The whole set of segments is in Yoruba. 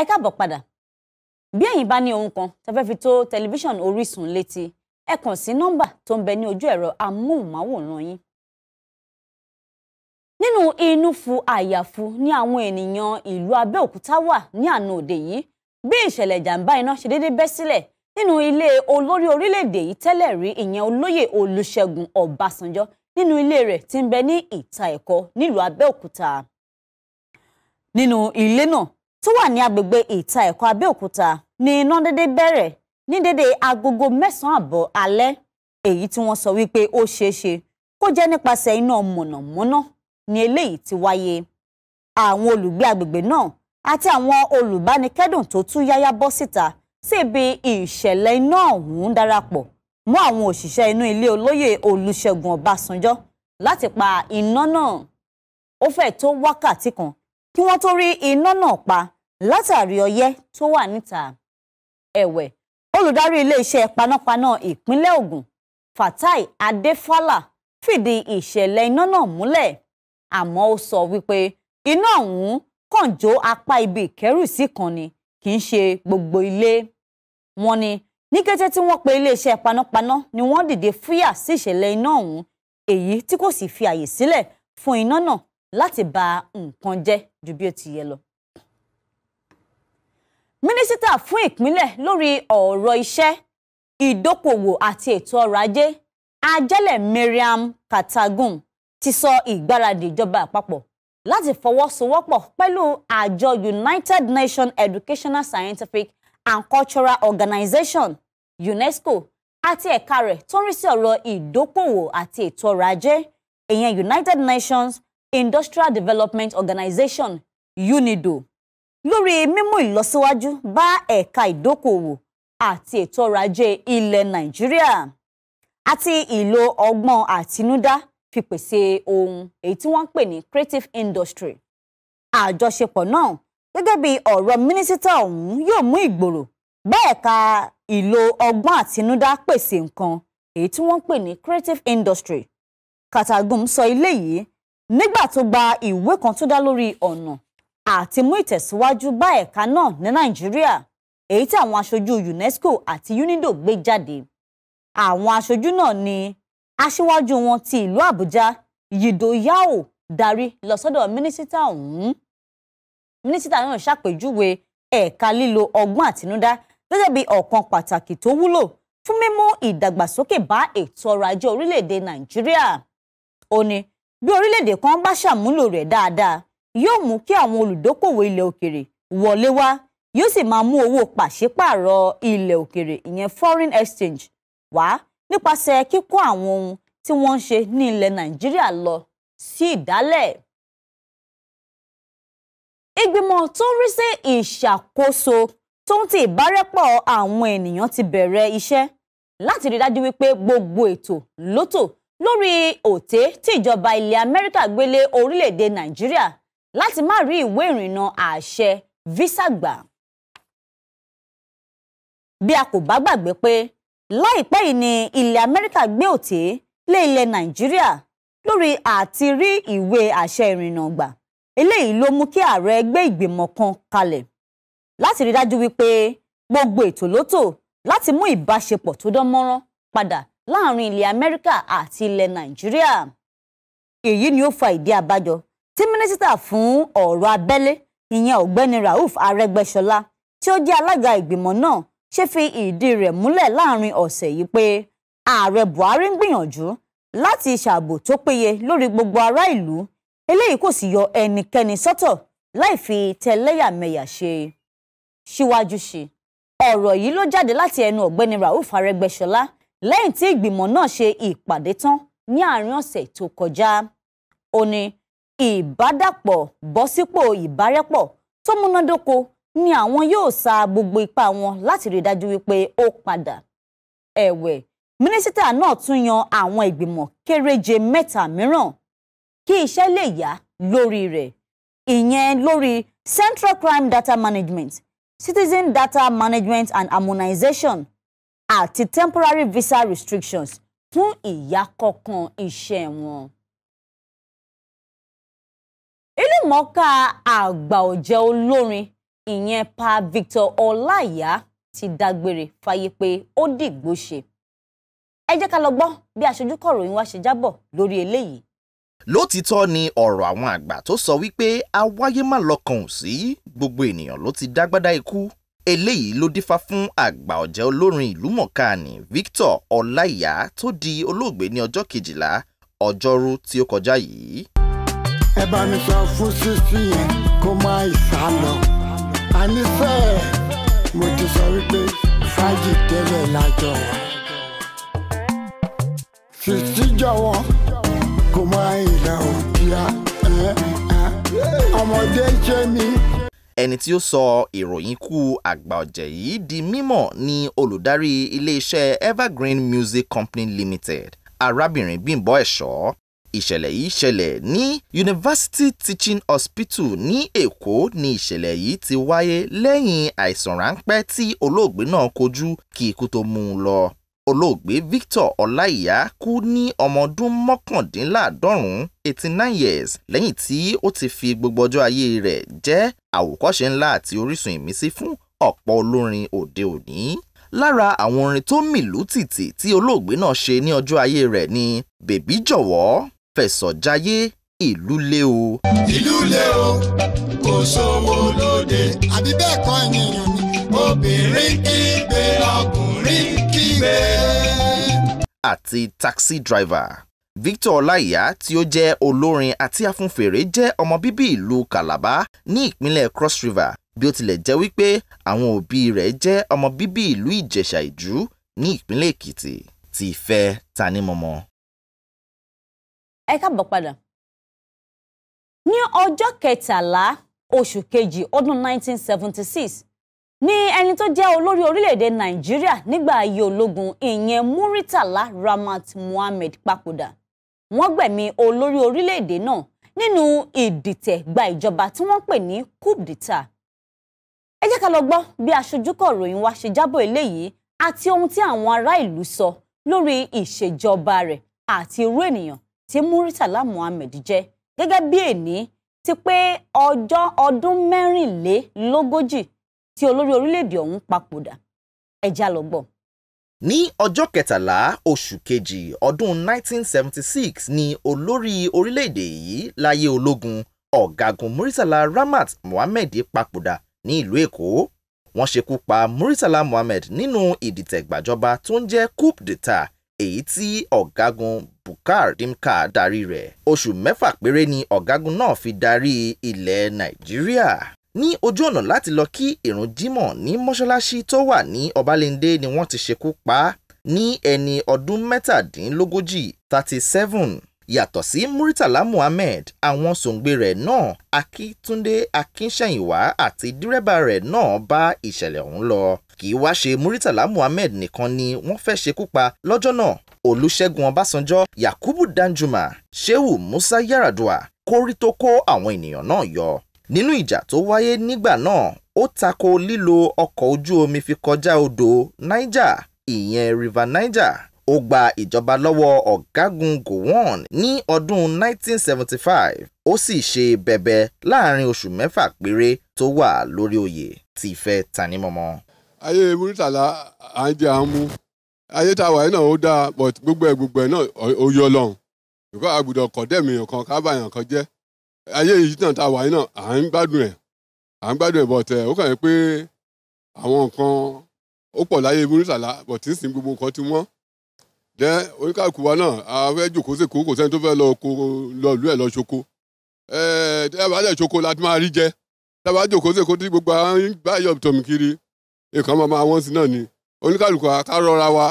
ẹ káàbọ̀ padà bí ẹ̀yin bá ní ohun kan tẹ́ fẹ́ fi tó tẹlifíṣàn Orísun létí ẹ kàn sí nọ́mbà tó ń bẹ ní ojú ẹ̀rọ amóhùnmáwòrán yín. nínú inúfu àyàfu ni àwọn ènìyàn ìlú Abẹ́òkúta wà ní àná òde yìí bí ìṣẹ̀lẹ̀ ìjàmbá iná ṣe déédé bẹ́ sílẹ̀ nínú ilé olórí orílẹ̀-èdè yìí tẹ́lẹ̀ rí ìyẹn olóyè Olúṣẹ́gun Ọbásanjọ́ nínú ilé rẹ̀ tí ń bẹ ní ìta ẹ̀kọ́ nílùú Abẹ́òkúta nínú ilé náà tó wà ní agbègbè ìta ẹ̀kọ́ Abẹ́òkúta ní iná dédé bẹ̀rẹ̀ ní dédé agogo mẹ́sàn-án àbọ̀ alẹ́ èyí tí wọ́n sọ wípé ó ṣeé ṣe kó jẹ́ nípasẹ̀ iná mọ̀nàmọ́ná ni eléyìí ti wáyé àwọn olùgbé agbègbè náà àti àwọn olùbánikẹ́dùn tó tú yáyá bọ́ síta síbi ìṣẹ̀lẹ̀ iná ọ̀hún darapọ̀ mọ́ àwọn òṣìṣẹ́ inú ilé olóyè Olúṣẹ́gun Ọbásanjọ́ láti pa iná náà ó fẹ́ tó wákàtí kan kí wọ́n tó rí iná náà pa látàrí ọyẹ́ tó wà níta ẹ̀wẹ̀ olùdarí iléeṣẹ́ panápaná ìpínlẹ̀ Ògùn Fatai adefala, fìdí ìṣẹ̀lẹ̀ iná náà múlẹ̀ àmọ́ ó sọ wípé iná ọ̀hún kàn jó apá ibi ìkẹ́rùsí kan ni kì í ṣe gbogbo ilé wọn ni ní kété tí wọ́n pe iléeṣẹ́ panápaná ni wọ́n dìde fúyà sí ìṣẹ̀lẹ̀ iná ọ̀hún èyí tí kò sì fi àyè sílẹ̀ fún iná náà láti ba nǹkan jẹ́ ju bí ó ti yẹ lọ mínísítà fún ìpínlẹ̀ lórí ọ̀rọ̀ iṣẹ́ ìdókòwò àti ètò ọrọ̀ ajé ajẹ́lẹ̀ Mariam Katagun ti sọ ìgbáradì ìjọba àpapọ̀ láti fọwọ́sowọ́pọ̀ pẹ̀lú àjọ United Nations Educational Scientific and Cultural Organization UNESCO àti ẹ̀ka rẹ̀ tó ń rí sí ọ̀rọ̀ ìdókòwò àti ètò ọrọ̀ ajé ìyẹn United Nations Industrial Development Organization UNIDO lórí mímú ìlọsíwájú bá ẹ̀ka ìdókòwò àti ètò ọrọ̀ ajé ilẹ̀ nàìjíríà àti ìlò ọgbọ́n àtinúdá fi pèsè ohun èyí tí wọ́n ń pè ní creative industry àjọṣepọ̀ náà gẹ́gẹ́ bí ọ̀rọ̀ mínísítà ọ̀hún yóò mú ìgbòrò bá ẹ̀ka ìlò ọgbọ́n àtinúdá pèsè nǹkan èyí tí wọ́n ń pè ní creative industry Katagum sọ eléyìí nígbà tó gba ìwé kan tó dá lórí ọ̀nà àti mú ìtẹ̀síwájú bá ẹ̀ka náà ní nàìjíríà èyí tí àwọn aṣojú unesco àti unido gbé jáde àwọn aṣojú náà ni aṣíwájú wọn ti ìlú àbújá yido yao darí lọ sọ́dọ̀ mínísítà ọ̀hún mínísítà náà ṣàpèjúwe ẹ̀ka lílo ọgbọ́n àtinúdá gẹ́gẹ́ bí ọ̀kan pàtàkì tó wúlò fún mímú ìdàgbàsókè bá ètò ọrọ̀ ajé orílẹ̀-èdè nàìjíríà ó ní bí orílẹ̀-èdè kan bá ṣàmúlò rẹ̀ dáadáa yóò mú kí àwọn olùdókòwò ilẹ̀ òkèrè wọlé wá yóò sì máa mú owó pàṣípààrọ̀ ilẹ̀ òkèrè ìyẹn foreign exchange wá nípasẹ̀ kíkó àwọn ohun tí wọ́n ń ṣe ní ilẹ̀ nàìjíríà lọ sí ìdálẹ̀. ìgbìmọ̀ tó ń rí sí ìṣàkóso tó ń ti ìbárẹ́pọ̀ àwọn ènìyàn ti bẹ̀rẹ̀ iṣẹ́ láti rí dájú wípé gbogbo ètò lótò lórí òté tí ìjọba ilẹ̀ amẹ́ríkà gbélé orílẹ̀-èdè nàìjíríà láti má rí ìwé ìrìnnà àṣẹ visa gbà. bí a kò bá gbàgbé pé láìpẹ́ yìí ni ilẹ̀ Amẹ́ríkà gbé òté lé ilẹ̀ Nàìjíríà lórí àti rí ìwé àṣẹ ìrìnnà gbà eléyìí ló mú kí ààrẹ gbé ìgbìmọ̀ kan kalẹ̀ láti rí dájú wípé gbogbo ètò ló tò láti mú ìbáṣepọ̀ tó dán mọ́rán padà láàrin ilẹ̀ Amẹ́ríkà àti ilẹ̀ Nàìjíríà èyí ni ó fa ìdí abájọ tí mínísítà fún ọ̀rọ̀ abẹ́lé ìyẹn ọ̀gbẹ́ni Rauf Arẹ́gbẹ́ṣọlá tí ó jẹ́ alága ìgbìmọ̀ náà ṣe fi ìdí rẹ̀ múlẹ̀ láàrin ọ̀sẹ̀ yìí pé ààrẹ Buhari ń gbìyànjú láti ṣààbò tó péye lórí gbogbo ará ìlú eléyìí kò sì yọ ẹnikẹ́ni sọ́tọ̀ láì fi tẹlẹ́yàmẹ̀yà ṣe síwájú sí ọ̀rọ̀ yìí ló jáde láti ẹnu ọ̀gbẹ́ni Rauf Arẹ́gbẹ́ṣọlá lẹ́yìn tí ìgbìmọ̀ náà ṣe ìpàdé tán ní àárín ọ̀sẹ̀ tó kọjá ó ní ìbádàpọ̀ bọ́sípò ìbárẹ́pọ̀ tó múnádóko ni àwọn yóò sa gbogbo ipá wọn láti rí dájú wípé ó padà. ẹ̀wẹ̀ mínísítà náà tún yan àwọn ìgbìmọ̀ kéréje mẹ́ta mìíràn kí iṣẹ́ lè yá lórí rẹ̀ ìyẹn lórí Central Crime Data Management, Citizen Data Management and Harmonization àti Temporary Visa Restrictions fún ìyá kọ̀ọ̀kan iṣẹ́ wọn. mọ̀ọ́ká àgbà ọ̀jẹ̀ olórin ìyẹn pa Victor Ọláìyá ti dágbére fáyé pé ó dìgbò ṣe ẹ jẹ́ ká lọ gbọ́ bí aṣojú kọ̀ròyìn wa ṣe jábọ̀ lórí eléyìí. lótìtọ́ ni ọ̀rọ̀ àwọn àgbà tó sọ wípé awáyé má lọ́kàn ò sí gbogbo ènìyàn ló ti dágbádá ikú eléyìí ló dífá fún àgbà ọ̀jẹ̀ olórin ìlú mọ̀ọ́ká Victor Ọláìyá tó di olóògbé ní ọjọ́ kejìlá ọjọ́rú tí ó kọjá yìí ẹ bá mi sọ fún sísí yẹn kó má ìsà lọ ànífẹ́ mo ti sọ wípé fàájì tẹ́lẹ̀ lájọ sísí jọ̀wọ́ kó má ìlà òkìá ọmọdé ṣe mí ẹni tí ó sọ ìròyìn ikú àgbà ọ̀jẹ̀ yìí di mímọ̀ ni olùdarí iléeṣẹ́ Evergreen Music Company Limited arábìnrin Bímbọ́ Ẹ̀ṣọ́ ìṣẹ̀lẹ̀ yìí ṣẹlẹ̀ ní University Teaching Hospital ní Èkó ni ìṣẹ̀lẹ̀ yìí ti wáyé lẹ́yìn àìsàn ráńpẹ́ tí olóògbé náà kojú kí ikú tó mú un lọ olóògbé Victor Ọláìyá kú ní ọmọ ọdún mọ́kàndínláàádọ́rùn-ún eighty nine years lẹ́yìn tí ó ti fi gbogbo ọjọ́ ayé rẹ̀ jẹ́ àwòkọ́ṣe ńlá àti orísun ìmísí fún ọ̀pọ̀ olórin òde òní lára àwọn orin tó mìlú tìtì tí olóògbé náà ṣe ní ọjọ́ ayé rẹ̀ ni bèbí jọ̀wọ́ fẹ̀sọ̀jayé ìlú lé o. ìlú lé o kò sówó lóde. àbí bẹ́ẹ̀ kọ́ ènìyàn ni. obìnrin kígbe ọkùnrin kígbe. àti taxi driver Victor Ọláìyá tí ó jẹ́ olórin àti afúnfèrè jẹ́ ọmọ bíbí ìlú Calabar ní ìpínlẹ̀ Cross River bí ó tilẹ̀ jẹ́ wípé àwọn òbí rẹ̀ jẹ́ ọmọ bíbí ìlú Ìjẹ̀ṣà Ìjú ní ìpínlẹ̀ Èkìtì ti fẹ́ tanímọ̀mọ́ ẹ káàbọ̀ padà. ní ọjọ́ kẹtàlá oṣù kejì ọdún 1976 ni ẹni tó jẹ́ olórí orílẹ̀-èdè nàìjíríà nígbà ayé ológun ìyẹn muritala ramat muhammed papòdà wọ́n gbẹ̀mí olórí orílẹ̀-èdè náà nínú ìdìtẹ̀ gba ìjọba tí wọ́n pè ní coup d'etat. ẹ jẹ́ ká lọ gbọ́ bí aṣojúkọ̀ ròyìn wa ṣe jábọ̀ eléyìí àti ohun tí àwọn ará ìlú sọ lórí ìṣèjọba rẹ̀ àti irú ènìyàn tí Muritala Muhammed jẹ́ gẹ́gẹ́ bí èní ti pé ọjọ́ ọdún mẹ́rìnlélógójì tí olórí orílẹ̀-èdè ọ̀hún papòdà ẹja lọ gbọ́. ní ọjọ́ kẹtàlá oṣù kejì ọdún 1976 ni olórí orílẹ̀-èdè yìí láyé ológun ọ̀gágun Muritala Ramat Muhammed papòdà ní ìlú Èkó wọ́n ṣekú pa Muritala Muhammed nínú ìdìtẹ̀gbàjọba tó ń jẹ́ coup d'etat èyí tí ọ̀gágun Bukar Dimka darí rẹ̀ oṣù mẹ́fà péré ni ọ̀gágun náà fi darí ilẹ̀ Nàìjíríà ní ojú ọ̀nà láti lọ kí ìrun jímọ̀ ní mọ́ṣáláṣí tó wà ní Ọbalẹ́ndé ni wọ́n ti ṣekú pa ní ẹni ọdún mẹ́tàdínlógójì thirty seven yàtọ̀ sí Muritala Muhammed àwọn sòǹgbè rẹ̀ náà Akíntúndé Akínṣẹ̀yìnwá àti dírẹ́bà rẹ̀ náà bá ìṣẹ̀lẹ̀ ọ̀hún lọ kì í wá ṣe Muritala Muhammed nìkan ni wọ́n fẹ́ ṣekú pa lọ́jọ́ náà Olúṣẹ́gun Ọbásanjọ́ Yakubu Danjuma Shehu Musa Yaradua kórí tó kó àwọn ènìyàn náà yọ nínú ìjà tó wáyé nígbà náà ó tako lílo ọkọ̀ ojú omi fi kọjá odò Niger ìyẹn River Niger ó gba ìjọba lọ́wọ́ ọ̀gágun gowon ní ọdún 1975 ó sì ṣe bẹbẹ láàrin oṣù mẹ́fà péré tó wà lórí oyè tí ìfẹ́ tanímọ̀mọ́. ayé muritala à ń jẹ àmú ayé tá a wà yìí náà ó dáa but gbogbo ẹ gbogbo ẹ náà ó yọ lọ́hùn nǹkan àgùdọ̀ kọ̀dẹ́mi nǹkan kábàyàn kan jẹ́ ayé yìí náà tá a wà yìí náà à ń gbádùn ẹ̀ à ń gbádùn ẹ̀ but ó kàn yín pé àwọn nǹkan ó pọ̀ láyé muritala but ń sìn gbogbo nǹkan ti wọ́n dẹ́n oníkàkù wa náà àfẹ́ jòkó sèkó kò sẹ́ni tó fẹ́ lọ ko lọ lú ẹ̀ lọ ṣoko ẹ̀ẹ́ eh, tẹ́ bá ṣoko la ti máa rí jẹ tẹ́ bá jòkó sèkó tí gbogbo àwọn báyọ̀ tọ̀mù kiri èkán máa wọ́n sí náà ni oníkàlùkù àkárọ̀ra wa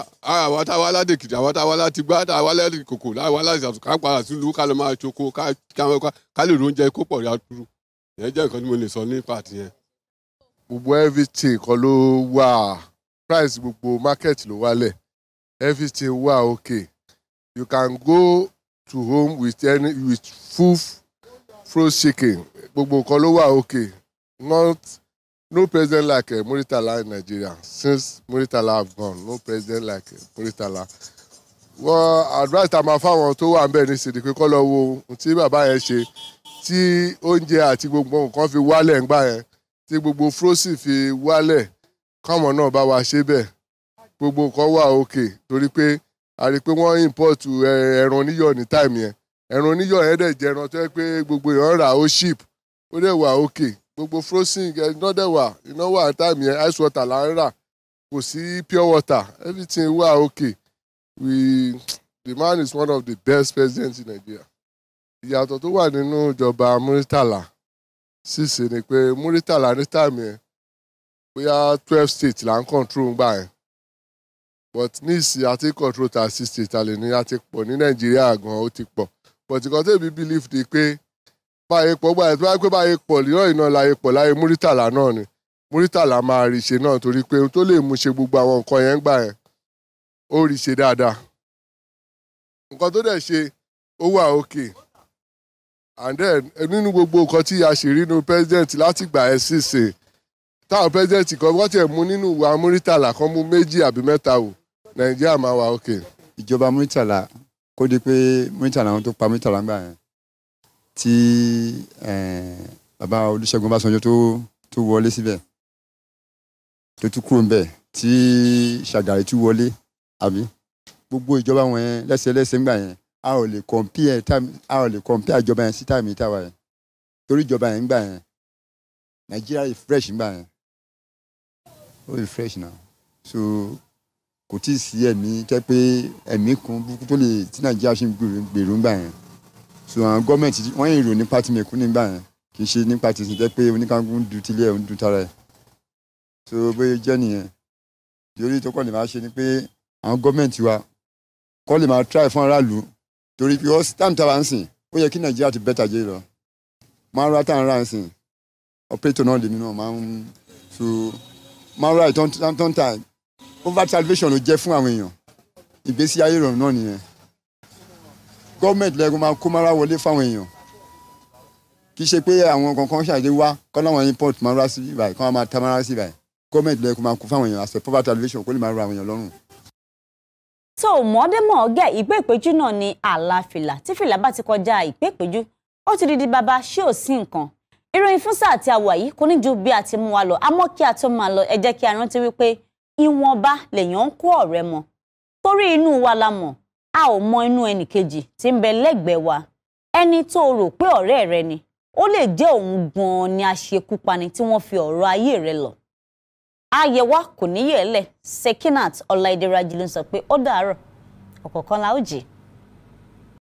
àwa tá a wá láti èkìtì àwa tá a wá láti gbá tá a wá láti kòkò láwa láti ṣàtúnkò ká padà sílùú ká lọ máa ṣoko ká lè róúnjẹ kó pọ̀ rí atúrú ìyẹn jẹ́ nǹkan tí mo lè sọ ní pàtì yẹn. gbogbo everything kan ló wà price gbogbo market ló wálẹ̀ everything wa okay you can go to home with any with full froze chicken gbogbo nǹkan ló wà okay not no president like uh, Muritala in Nigeria since Muritala have gone no president like uh, Muritala wọn advice ta máa fáwọn tó wà nbẹ ní sèdè pé kọ́ lọ wo ohun tí bàbá yẹn ṣe tí oúnjẹ àti gbogbo nǹkan fi wálẹ̀ ńgbà yẹn tí gbogbo frozen fi wálẹ̀ káwọn náà bá wa ṣe bẹ́ẹ̀ gbogbo nǹkan wà òkè torí pé a rí i pé wọ́n import eh, ẹran oníyọ̀ ní táìmù yẹn ẹran oníyọ̀ yẹn dẹ̀ jẹ́ ẹran tó yẹ pé gbogbo èèyàn rà ó ship ó dẹ̀ wà òkè gbogbo frozen eh, iná dẹ̀ wà iná wà ní táìmù yẹn ice water là ń rà kò sí pure water everything wà òkè we the man is one of the best presidents in Nigeria ìyàtọ̀ tó wà nínú ìjọba Muritala sísè ni pé Muritala ní táìmù yẹn bóyá twelve states là ń control gbà yẹn but ní ìsìn àti control ta sixty ìtàlẹ̀ ní a ti pọ̀ ní nàìjíríà gan ó ti pọ̀ but nǹkan tó èmi believe ni pé báyé pọ̀ gbà tó báyé pé báyé pọ̀ lírọ̀ iná láyé pọ̀ láyé múrítàlá náà ni múrítàlá máa rí ṣe náà torí pé tó lè mú ṣe gbogbo àwọn nǹkan yẹn gbà yẹn ó rí ṣe dáadáa nǹkan tó dẹ̀ ṣe ó wà òkè and then nínú gbogbo nǹkan tí a ṣe rí nu president láti gbà ẹ́ sísè táwọn president kan wọ́n ti ẹ̀ mú nínú ìwà múrítàlá kan mú méjì àbí mẹ́ta wò nàìjíríà máa wà òkè. ìjọba Murtala kó di pé Murtala àwọn tó pa Murtala ńgbà yẹn tí bàbá Olúṣẹ́gun Ọbásanjọ́ tó wọlé síbẹ̀ tó tún kúrò ńbẹ̀ tí Ṣàgàrí tún wọlé àbí gbogbo ìjọba wọn yẹn lẹ́sẹ̀lẹ́sẹ̀ ńgbà yẹn a ò lè compare time a ò lè compare ìjọba yẹn sí táìmì táwa yẹn torí ìjọba yẹn ńgbà yẹn Nàìjíríà refresh ńgbà yẹn ó refresh náà so kò tí ì sí ẹ̀mí jẹ́ pé ẹ̀mí kan burúkú tó lè tí nàìjíríà ṣe ń gbèrú ńgbà yẹn so àwọn gọ́ọ̀mẹ̀ntì wọ́n yìí rò nípa ti mẹ̀kún nígbà yẹn kì í ṣe nípa ti sìn jẹ́ pé oníkangun du tilé ẹ̀ ń du tara ẹ̀ so bóyá jẹ́ nìyẹn torí tó kọ́ lè máa ṣe ni pé àwọn gọ́ọ̀mẹ̀ntì wa kọ́ lè máa try fún aráàlú torí pé time táwa ń sìn ó yẹ kí nàìjíríà ti bẹ́tà jẹ́ lọ máa ń so over salvation ló jẹ́ fún àwọn èèyàn ìgbésí ayé ìrọ̀rùn náà nìyẹn gọ́ọ̀mẹ̀ntì lẹ́gùn máa kó mara wọlé fáwọn èèyàn kì í ṣe pé àwọn kankan ṣàdé wá kọ́ láwọn import máa ra sí ibà kọ́ máa ta mara sí ibà gọ́ọ̀mẹ̀ntì lẹ́gùn máa kó fáwọn èèyàn àṣẹ poverty elevation kó lè máa ra àwọn èèyàn lọ́rùn. tó o ìpé ìpéjú náà ni àlàfìlà tí fìlà bá ti kọjá ìpé ìpéjú ó ti di di bàbá ṣé ò sí nǹkan ìròyìn fún sáà tí kò ní ju bí a ti mú wa lọ àmọ́ kí a tó máa lọ ẹ jẹ́ kí a rántí wípé ìwọ̀nba lèèyàn ń kó ọ̀rẹ́ mọ torí inú wa la mọ̀ a ò mọ inú ẹnìkejì tí ń bẹ lẹ́gbẹ̀ẹ́ wa ẹni tó o rò pé ọ̀rẹ́ rẹ ni ó lè jẹ́ òun gan-an ni aṣekúpani tí wọ́n fi ọ̀rọ̀ ayé rẹ lọ. àyẹ̀wò kò níyẹ̀lẹ̀ Sekinat Ọláìdé Rájí sọ pé ó dàárọ̀ ọ̀kọ̀ọ̀kan la ó jẹ́